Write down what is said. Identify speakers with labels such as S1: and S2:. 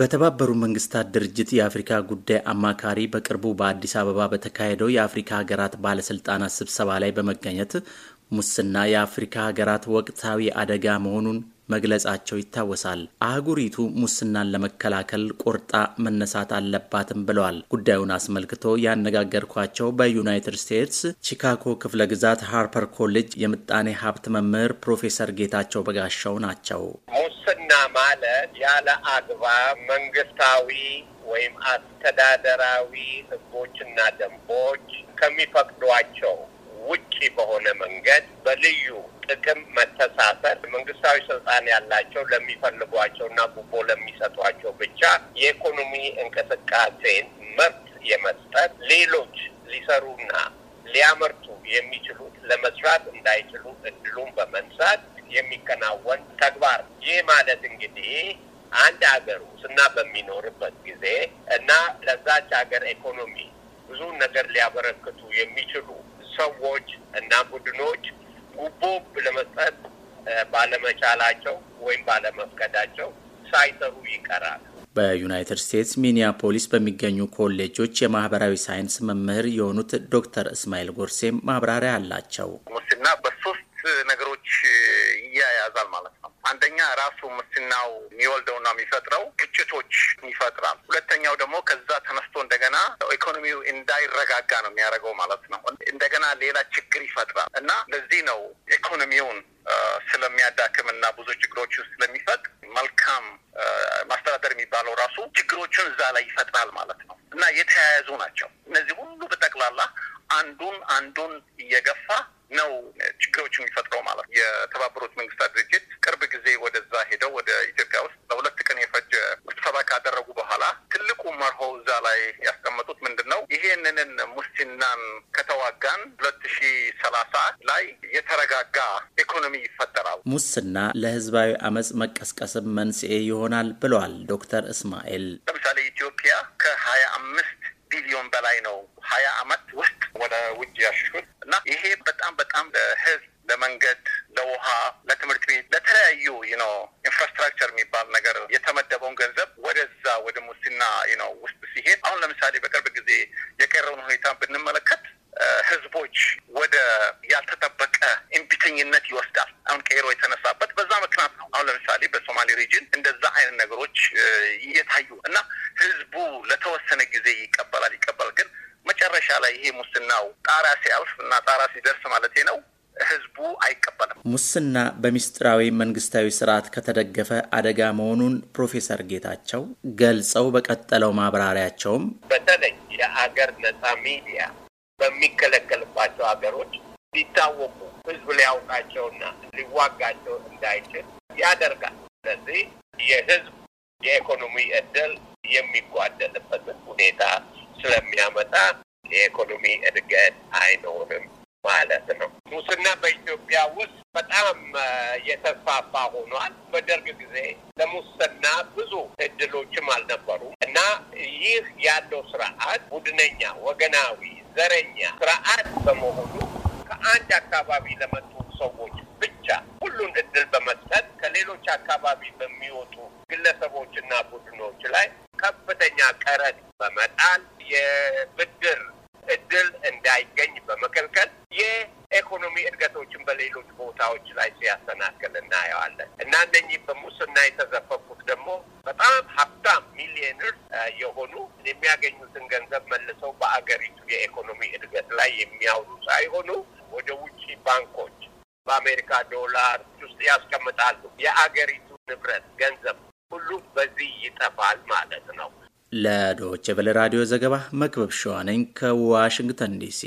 S1: በተባበሩ መንግስታት ድርጅት የአፍሪካ ጉዳይ አማካሪ በቅርቡ በአዲስ አበባ በተካሄደው የአፍሪካ ሀገራት ባለስልጣናት ስብሰባ ላይ በመገኘት ሙስና የአፍሪካ ሀገራት ወቅታዊ አደጋ መሆኑን መግለጻቸው ይታወሳል። አህጉሪቱ ሙስናን ለመከላከል ቆርጣ መነሳት አለባትም ብለዋል። ጉዳዩን አስመልክቶ ያነጋገርኳቸው በዩናይትድ ስቴትስ ቺካጎ ክፍለ ግዛት ሃርፐር ኮሌጅ የምጣኔ ሀብት መምህር ፕሮፌሰር ጌታቸው በጋሻው ናቸው።
S2: ሙስና ማለት ያለ አግባብ መንግስታዊ ወይም አስተዳደራዊ ህጎችና ደንቦች ከሚፈቅዷቸው ውጪ በሆነ መንገድ በልዩ ጥቅም መተሳሰር ብሔራዊ ስልጣን ያላቸው ለሚፈልጓቸው እና ጉቦ ለሚሰጧቸው ብቻ የኢኮኖሚ እንቅስቃሴን መብት የመስጠት ሌሎች ሊሰሩና ሊያመርቱ የሚችሉት ለመስራት እንዳይችሉ እድሉን በመንሳት የሚከናወን ተግባር። ይህ ማለት እንግዲህ አንድ ሀገር ሙስና በሚኖርበት ጊዜ እና ለዛች ሀገር ኢኮኖሚ ብዙ ነገር ሊያበረክቱ የሚችሉ ሰዎች እና ቡድኖች ጉቦ ለመስጠት ባለመቻላቸው ወይም ባለመፍቀዳቸው ሳይሰሩ ይቀራል።
S1: በዩናይትድ ስቴትስ ሚኒያፖሊስ በሚገኙ ኮሌጆች የማህበራዊ ሳይንስ መምህር የሆኑት ዶክተር እስማኤል ጎርሴም ማብራሪያ አላቸው። ሙስና በሶስት
S3: ነገሮች ይያያዛል ማለት ነው። አንደኛ ራሱ ሙስናው የሚወልደውና የሚፈጥረው ግጭቶች ይፈጥራል። ሁለተኛው ደግሞ ከዛ ተነስቶ እንደገና ኢኮኖሚው እንዳይረጋጋ ነው የሚያደርገው ማለት ነው። እንደገና ሌላ ችግር ይፈጥራል እና ለዚህ ነው ኢኮኖሚውን ስለሚያዳክም እና ብዙ ችግሮች ስለሚፈጥ መልካም ማስተዳደር የሚባለው ራሱ ችግሮቹን እዛ ላይ ይፈጥራል ማለት ነው እና የተያያዙ ናቸው። እነዚህ ሁሉ በጠቅላላ አንዱን አንዱን እየገፋ ነው ችግሮች የሚፈጥረው ማለት ነው። የተባበሩት መንግስታት ላይ ያስቀመጡት ምንድን ነው? ይሄንንን ሙስናን ከተዋጋን ሁለት ሺ ሰላሳ ላይ የተረጋጋ ኢኮኖሚ ይፈጠራል።
S1: ሙስና ለህዝባዊ አመፅ መቀስቀስም መንስኤ ይሆናል ብለዋል ዶክተር እስማኤል።
S3: ለምሳሌ ኢትዮጵያ ከሀያ አምስት ቢሊዮን በላይ ነው ሀያ አመት ውስጥ ወደ ውጭ ያሽሹት እና ይሄ በጣም በጣም ለህዝብ ለመንገድ፣ ለውሃ፣ ለትምህርት ቤት፣ ለተለያዩ ነው ኢንፍራስትራክቸር የሚባል ነገር እንደዛ አይነት ነገሮች እየታዩ እና ህዝቡ ለተወሰነ ጊዜ ይቀበላል ይቀበላል፣ ግን መጨረሻ ላይ ይሄ ሙስናው ጣራ ሲያልፍ እና ጣራ ሲደርስ ማለት ነው ህዝቡ አይቀበልም።
S1: ሙስና በሚስጥራዊ መንግስታዊ ስርዓት ከተደገፈ አደጋ መሆኑን ፕሮፌሰር ጌታቸው ገልጸው በቀጠለው ማብራሪያቸውም
S2: በተለይ የሀገር ነጻ ሚዲያ በሚከለከልባቸው ሀገሮች ሊታወቁ ህዝብ ሊያውቃቸውና ሊዋጋቸው እንዳይችል ያደርጋል። ስለዚህ የህዝብ የኢኮኖሚ እድል የሚጓደልበትን ሁኔታ ስለሚያመጣ የኢኮኖሚ እድገት አይኖርም ማለት ነው። ሙስና በኢትዮጵያ ውስጥ በጣም የተስፋፋ ሆኗል። በደርግ ጊዜ ለሙስና ብዙ እድሎችም አልነበሩም እና ይህ ያለው ስርዓት ቡድነኛ፣ ወገናዊ፣ ዘረኛ ስርዓት በመሆኑ ከአንድ አካባቢ ለመጡ ሰዎች ብቻ ሁሉ አካባቢ በሚወጡ ግለሰቦችና ቡድኖች ላይ ከፍተኛ ቀረጥ በመጣል የብድር እድል እንዳይገኝ በመከልከል የኢኮኖሚ እድገቶችን በሌሎች ቦታዎች ላይ ሲያሰናክል እናየዋለን እና እነኚህ በሙስና የተዘፈኩት ደግሞ በጣም ሀብታም ሚሊዮነር የሆኑ የሚያገኙትን ገንዘብ መልሰው በአገሪቱ የኢኮኖሚ እድገት ላይ የሚያውሉ ሳይሆኑ ወደ ውጭ ባንኮች በአሜሪካ ዶላር ውስጥ ያስቀምጣሉ። የአገሪቱ ንብረት ገንዘብ ሁሉ በዚህ ይጠፋል ማለት
S1: ነው። ለዶይቼ ቬለ ራዲዮ ዘገባ መክበብ ሸዋነኝ ከዋሽንግተን ዲሲ